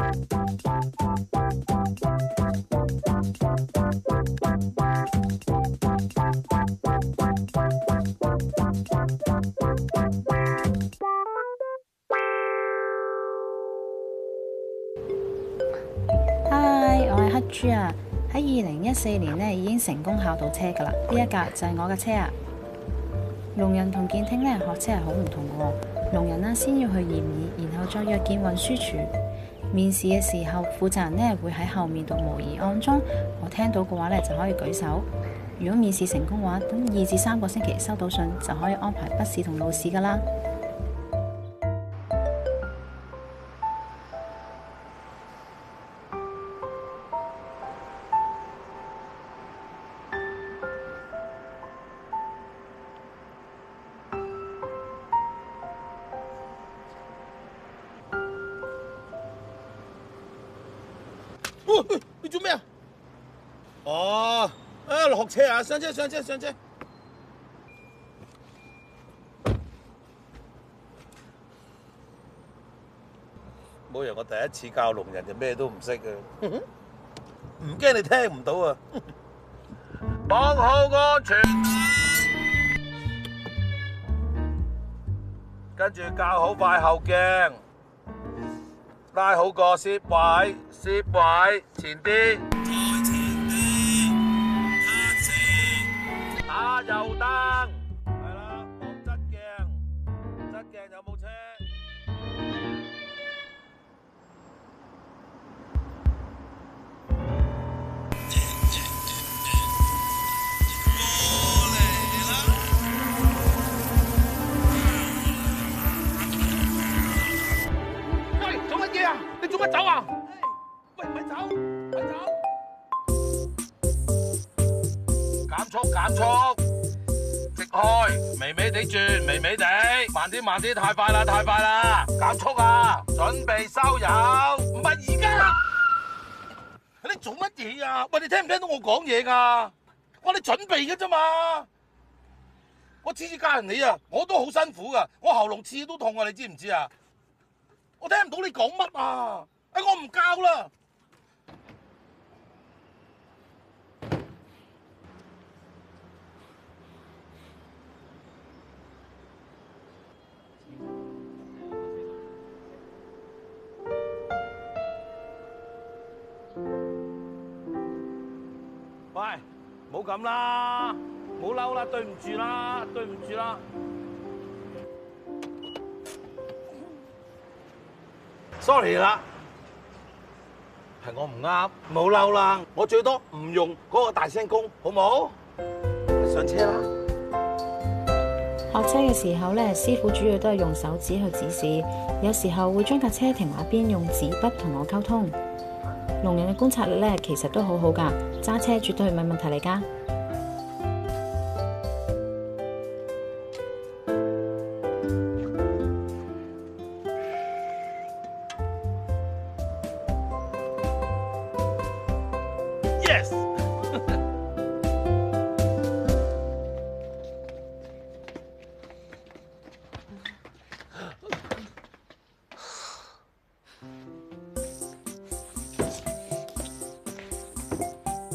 Hi，我係黑朱啊。喺二零一四年呢，已經成功考到車噶啦。呢一架就係我嘅車啊。聾人同健聽呢，學車係好唔同嘅。聾人呢，先要去驗耳，然後再約見運輸處。面試嘅時候，負責人呢，會喺後面讀模擬按鐘，我聽到嘅話呢就可以舉手。如果面試成功嘅話，等二至三個星期收到信就可以安排筆試同路試㗎喇。你做咩啊？哦，啊落車啊，上車上車上車，冇人我第一次教聾人就咩都唔識啊！唔驚你聽唔到啊！綁好安全帶，跟住教好塊後鏡。拉好個攝擺，攝擺前啲。減速減速，直開，微微地轉，微微地，慢啲慢啲，太快啦太快啦，減速啊，準備收油。唔係而家， 你做乜嘢啊？喂，你聽唔聽到我講嘢噶？喂，你準備嘅啫嘛，我次次教人你啊，我都好辛苦噶，我喉嚨次次都痛啊，你知唔知啊？我聽唔到你講乜啊？哎，我唔教啦。喂，冇咁啦，冇嬲啦，對唔住啦，對唔住啦，sorry 啦，係我唔啱，冇嬲啦，我最多唔用嗰個大聲公，好唔好？上車啦。學車嘅時候咧，師傅主要都係用手指去指示，有時候會將架車停喺邊，用紙筆同我溝通。聾人嘅觀察力咧，其實都好好噶，揸車絕對係唔係問題嚟噶？Yes。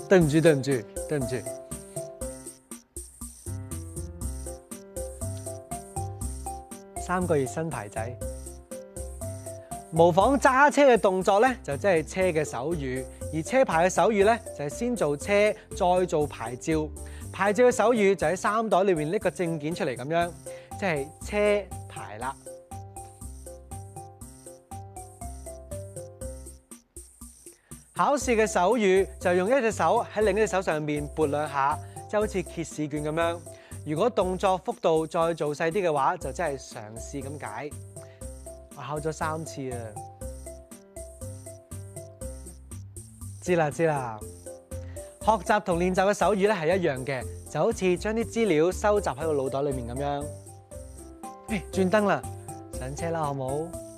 對唔住，對唔住，對唔住。三個月新牌仔，模仿揸車嘅動作呢，就即係車嘅手語。而車牌嘅手語呢，就係先做車，再做牌照。牌照嘅手語就喺三袋裏面拎個證件出嚟咁樣，即係車牌啦。考試嘅手語就用一隻手喺另一隻手上面撥兩下，即係好似揭試卷咁樣。如果動作幅度再做細啲嘅話，就真係嘗試咁解。我考咗三次啊。知啦知啦。學習同練習嘅手語咧係一樣嘅，就好似將啲資料收集喺個腦袋裏面咁樣。誒、欸，轉燈啦，上車啦，好唔好？